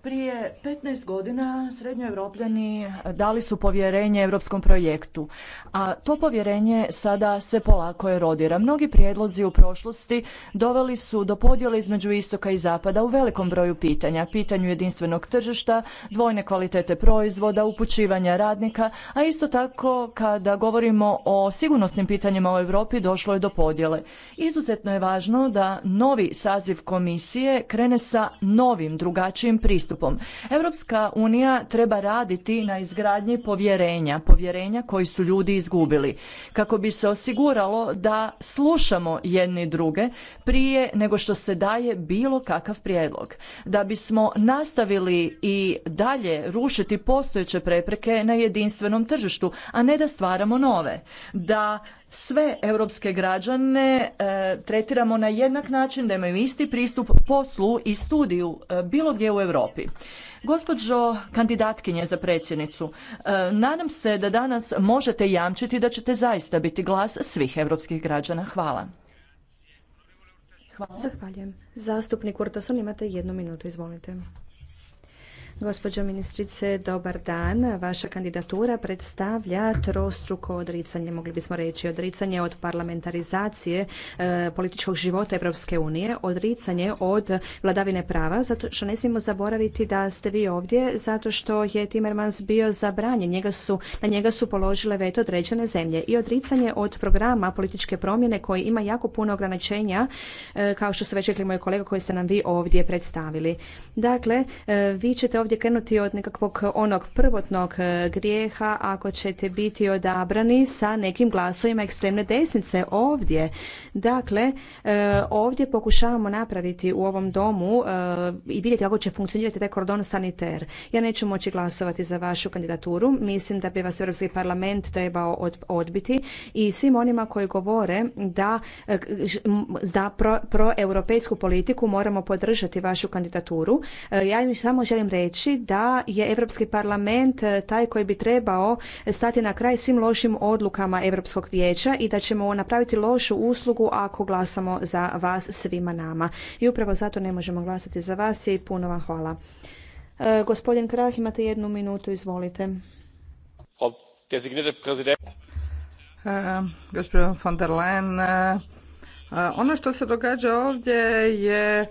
prije 15 godina srednjoevropljani dali su povjerenje europskom projektu, a to povjerenje sada se polako erodira. Mnogi prijedlozi u prošlosti doveli su do podjela između istoka i zapada u velikom broju pitanja, pitanju jedinstvenog tržišta, dvojne kvalitete proizvoda, upućivanja radnika, a isto tako kada govorimo o sigurnosnim pitanjima u Europi došlo je do podjele. Izuzetno je važno da novi saziv komisije krene sa novim drugačijim pristupom pristupom. Europska unija treba raditi na izgradnji povjerenja, povjerenja koji su ljudi izgubili, kako bi se osiguralo da slušamo jedni druge prije nego što se daje bilo kakav prijedlog. Da bismo nastavili i dalje rušiti postojeće prepreke na jedinstvenom tržištu, a ne da stvaramo nove. Da sve europske građane e, tretiramo na jednak način, da imaju isti pristup poslu i studiju e, bilo gdje u Europi. Gospođo kandidatkinje za predsjednicu, e, nadam se da danas možete jamčiti da ćete zaista biti glas svih europskih građana. Hvala. Hvala. Zahvaljujem. Zastupnik Urtason, imate jednu minutu, izvolite. Gospođo ministrice, dobar dan. Vaša kandidatura predstavlja trostruko odricanje, mogli bismo reći, odricanje od parlamentarizacije e, političkog života Evropske unije, odricanje od vladavine prava, zato što ne smijemo zaboraviti da ste vi ovdje, zato što je Timmermans bio zabranjen, njega su, na njega su položile veto određene zemlje i odricanje od programa političke promjene koji ima jako puno ograničenja, e, kao što su već rekli moji kolega koji ste nam vi ovdje predstavili. Dakle, e, vi ćete ovdje ovdje krenuti od nekakvog onog prvotnog e, grijeha ako ćete biti odabrani sa nekim glasovima ekstremne desnice ovdje. Dakle, e, ovdje pokušavamo napraviti u ovom domu e, i vidjeti kako će funkcionirati taj kordon saniter. Ja neću moći glasovati za vašu kandidaturu. Mislim da bi vas Europski parlament trebao odbiti i svim onima koji govore da za proeuropejsku politiku moramo podržati vašu kandidaturu. Ja im samo želim reći Znači da je Europski parlament eh, taj koji bi trebao stati na kraj svim lošim odlukama Europskog vijeća i da ćemo napraviti lošu uslugu ako glasamo za vas svima nama. I upravo zato ne možemo glasati za vas i puno vam hvala. Eh, gospodin Krah, imate jednu minutu, izvolite. Eh, gospodin von der ono što se događa ovdje je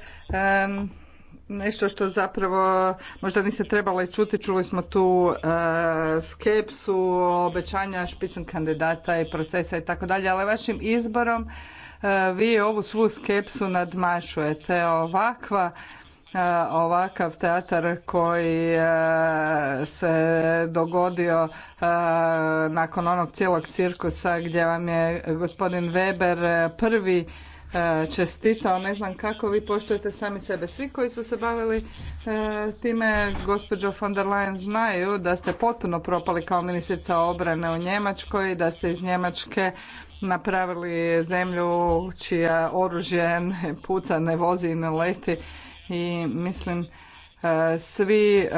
nešto što zapravo možda niste trebali čuti, čuli smo tu e, skepsu, obećanja špicen kandidata i procesa i tako dalje, ali vašim izborom e, vi ovu svu skepsu nadmašujete. Ovakva e, ovakav teatar koji se dogodio nakon onog cijelog cirkusa gdje vam je gospodin Weber prvi E, čestitao. Ne znam kako vi poštujete sami sebe. Svi koji su se bavili e, time, gospođo von der Leyen, znaju da ste potpuno propali kao ministrica obrane u Njemačkoj, da ste iz Njemačke napravili zemlju čija oružje ne puca, ne vozi i ne leti. I mislim, e, svi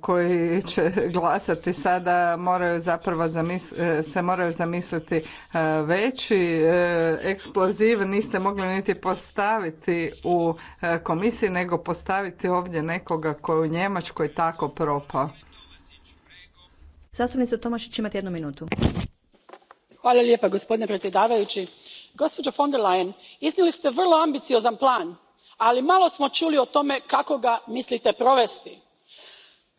koji će glasati sada moraju zapravo e, se moraju zamisliti e, veći e, eksploziv niste mogli niti postaviti u komisiji nego postaviti ovdje nekoga koji je u Njemačkoj tako propao. Zastupnica Tomašić imate jednu minutu. Hvala lijepa gospodine predsjedavajući. Gospođo von der Leyen, iznijeli ste vrlo ambiciozan plan, ali malo smo čuli o tome kako ga mislite provesti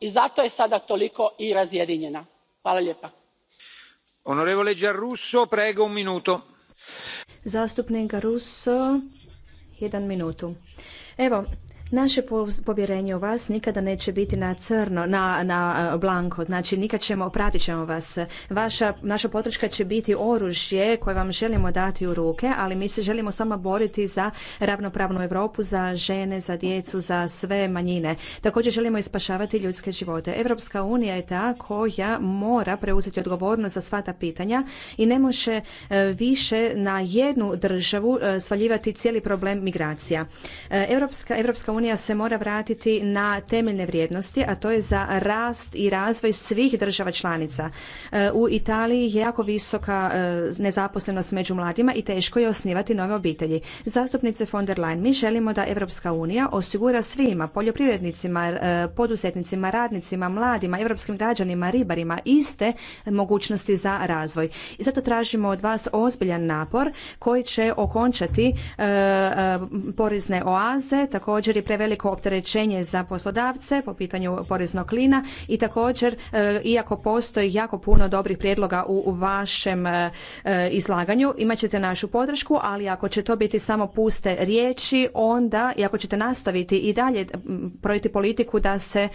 i zato je sada toliko i razjedinjena. hvala lepa. onorevole garusso prego un minuto. zastupnik garusso jedan minutu. evo Naše povjerenje u vas nikada neće biti na crno, na, na e, blanko, znači nikad ćemo, pratit ćemo vas. Vaša, naša podrška će biti oružje koje vam želimo dati u ruke, ali mi se želimo s vama boriti za ravnopravnu Europu, za žene, za djecu, za sve manjine. Također želimo ispašavati ljudske živote. Europska unija je ta koja mora preuzeti odgovornost za sva ta pitanja i ne može e, više na jednu državu e, svaljivati cijeli problem migracija. Europska, Europska unija se mora vratiti na temeljne vrijednosti, a to je za rast i razvoj svih država članica. E, u Italiji je jako visoka e, nezaposlenost među mladima i teško je osnivati nove obitelji. Zastupnice von der Leyen, mi želimo da Europska unija osigura svima, poljoprivrednicima, e, poduzetnicima, radnicima, mladima, europskim građanima, ribarima iste mogućnosti za razvoj. I zato tražimo od vas ozbiljan napor koji će okončati porezne oaze, također i preveliko opterećenje za poslodavce po pitanju poreznog klina i također e, iako postoji jako puno dobrih prijedloga u vašem e, e, izlaganju imat ćete našu podršku ali ako će to biti samo puste riječi onda i ako ćete nastaviti i dalje projiti politiku da se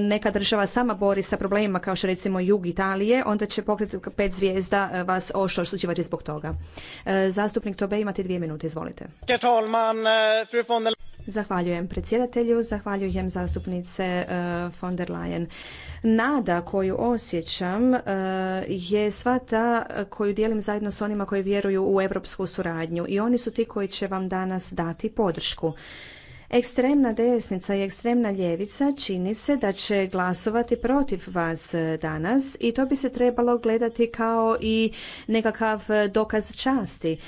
neka država sama bori sa problemima kao što recimo jug Italije onda će pokret pet zvijezda vas oštro osuđivati zbog toga. Zastupnik Tobe imate dvije minute, izvolite. Zahvaljujem predsjedatelju, zahvaljujem zastupnice eh, von der Leyen. Nada koju osjećam eh, je sva ta koju dijelim zajedno s onima koji vjeruju u europsku suradnju i oni su ti koji će vam danas dati podršku. Ekstremna desnica i ekstremna ljevica čini se da će glasovati protiv vas eh, danas i to bi se trebalo gledati kao i nekakav dokaz časti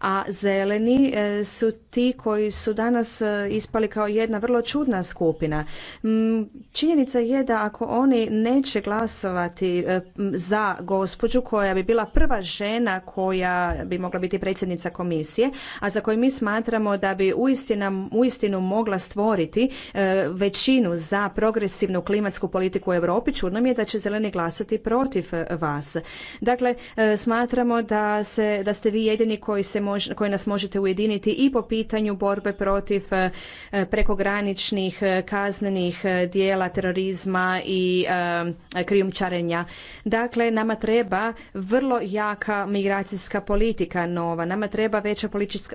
a zeleni e, su ti koji su danas e, ispali kao jedna vrlo čudna skupina. Činjenica je da ako oni neće glasovati e, za gospođu koja bi bila prva žena koja bi mogla biti predsjednica komisije, a za koju mi smatramo da bi uistinu, uistinu mogla stvoriti većinu za progresivnu klimatsku politiku u Europi, čudno mi je da će zeleni glasati protiv vas. Dakle, smatramo da, se, da ste vi jedini koji se mož, koje nas možete ujediniti i po pitanju borbe protiv e, prekograničnih e, kaznenih e, dijela terorizma i krijumčarenja. Dakle, nama treba vrlo jaka migracijska politika nova, nama treba veća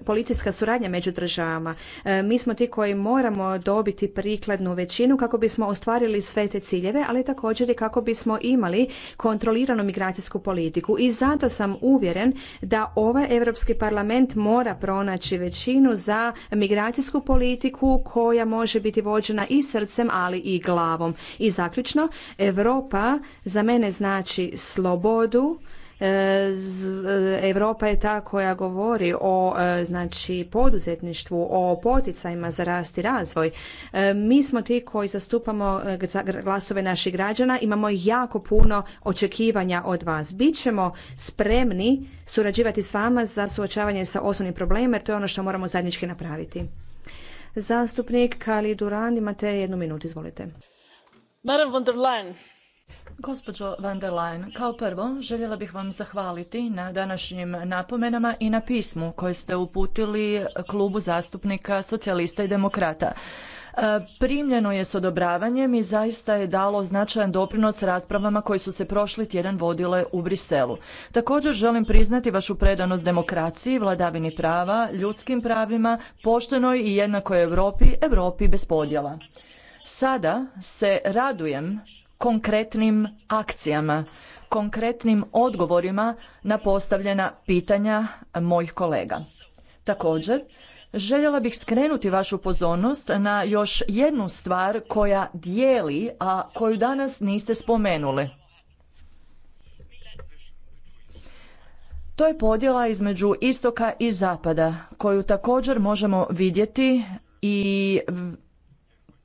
policijska suradnja među državama. Mi smo ti koji moramo dobiti prikladnu većinu kako bismo ostvarili sve te ciljeve, ali također i kako bismo imali kontroliranu migracijsku politiku. I zato sam uvjeren da ovaj Europski parlament parlament mora pronaći većinu za migracijsku politiku koja može biti vođena i srcem ali i glavom. I zaključno, Europa za mene znači slobodu, Europa e, je ta koja govori o e, znači poduzetništvu, o poticajima za rast i razvoj. E, mi smo ti koji zastupamo glasove naših građana, imamo jako puno očekivanja od vas. Bićemo spremni surađivati s vama za suočavanje sa osnovnim problemima, jer to je ono što moramo zajednički napraviti. Zastupnik Kali Duran, imate jednu minutu, izvolite. Madam von der Leyen, Gospođo van der Leyen, kao prvo željela bih vam zahvaliti na današnjim napomenama i na pismu koje ste uputili klubu zastupnika socijalista i demokrata. E, primljeno je s odobravanjem i zaista je dalo značajan doprinos raspravama koji su se prošli tjedan vodile u Briselu. Također želim priznati vašu predanost demokraciji, vladavini prava, ljudskim pravima, poštenoj i jednakoj Europi, Europi bez podjela. Sada se radujem konkretnim akcijama, konkretnim odgovorima na postavljena pitanja mojih kolega. Također, Željela bih skrenuti vašu pozornost na još jednu stvar koja dijeli, a koju danas niste spomenuli. To je podjela između istoka i zapada, koju također možemo vidjeti i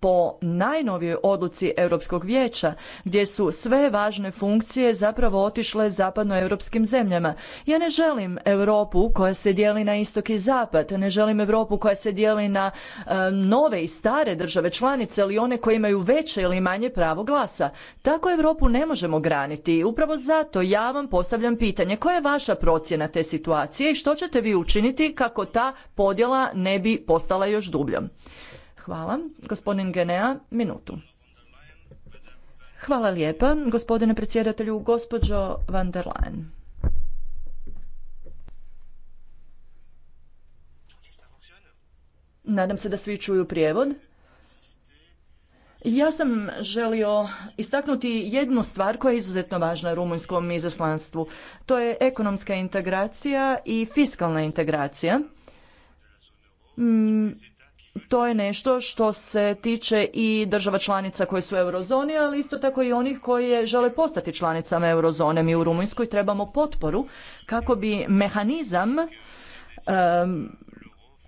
po najnovijoj odluci Europskog vijeća gdje su sve važne funkcije zapravo otišle zapadnoeuropskim zemljama. Ja ne želim Europu koja se dijeli na istok i zapad, ne želim Europu koja se dijeli na e, nove i stare države članice ili one koje imaju veće ili manje pravo glasa. Tako Europu ne možemo graniti. Upravo zato ja vam postavljam pitanje koja je vaša procjena te situacije i što ćete vi učiniti kako ta podjela ne bi postala još dubljom. Hvala. Gospodin Genea, minutu. Hvala lijepa, gospodine predsjedatelju, gospođo van der Leyen. Nadam se da svi čuju prijevod. Ja sam želio istaknuti jednu stvar koja je izuzetno važna rumunjskom izaslanstvu. To je ekonomska integracija i fiskalna integracija. Mm, to je nešto što se tiče i država članica koje su u eurozoni, ali isto tako i onih koje žele postati članicama eurozone. Mi u Rumunjskoj trebamo potporu kako bi mehanizam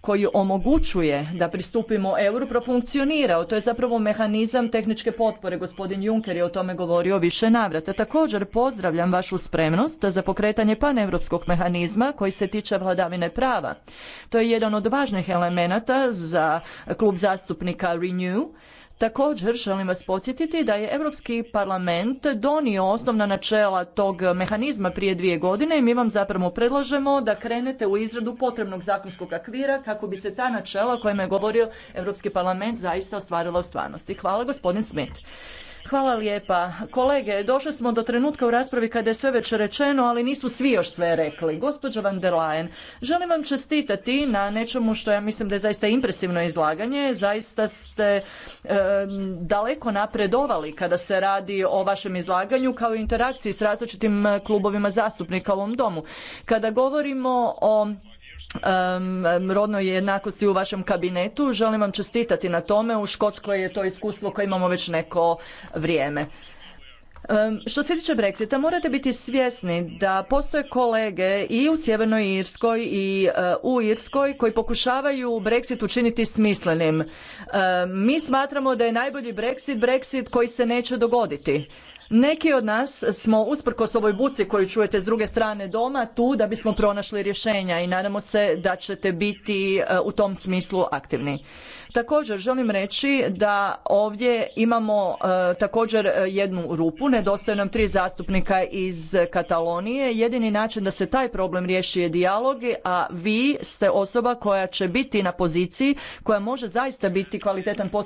koji omogućuje da pristupimo euru profunkcionirao. To je zapravo mehanizam tehničke potpore. Gospodin Juncker je o tome govorio više navrata. Također pozdravljam vašu spremnost za pokretanje paneuropskog mehanizma koji se tiče vladavine prava. To je jedan od važnih elemenata za klub zastupnika Renew Također želim vas podsjetiti da je Europski parlament donio osnovna načela tog mehanizma prije dvije godine i mi vam zapravo predlažemo da krenete u izradu potrebnog zakonskog akvira kako bi se ta načela o kojima je govorio Europski parlament zaista ostvarila u stvarnosti. Hvala gospodin smet. Hvala lijepa. Kolege, došli smo do trenutka u raspravi kada je sve već rečeno, ali nisu svi još sve rekli. Gospođo van der Leyen, želim vam čestitati na nečemu što ja mislim da je zaista impresivno izlaganje. Zaista ste daleko napredovali kada se radi o vašem izlaganju kao i interakciji s različitim eh, klubovima zastupnika u ovom domu. Kada govorimo o um, rodnoj jednakosti u vašem kabinetu. Želim vam čestitati na tome. U Škotskoj je to iskustvo koje imamo već neko vrijeme. što se tiče Brexita, morate biti svjesni da postoje kolege i u Sjevernoj Irskoj i e, u Irskoj koji pokušavaju Brexit učiniti smislenim. mi smatramo da je najbolji Brexit Brexit koji se neće dogoditi. Neki od nas smo usprkos ovoj buci koju čujete s druge strane doma tu da bismo pronašli rješenja i nadamo se da ćete biti e, u tom smislu aktivni. Također želim reći da ovdje imamo e, također e, jednu rupu, nedostaje nam tri zastupnika iz Katalonije. Jedini način da se taj problem riješi je dijalog, a vi ste osoba koja će biti na poziciji koja može zaista biti kvalitetan posao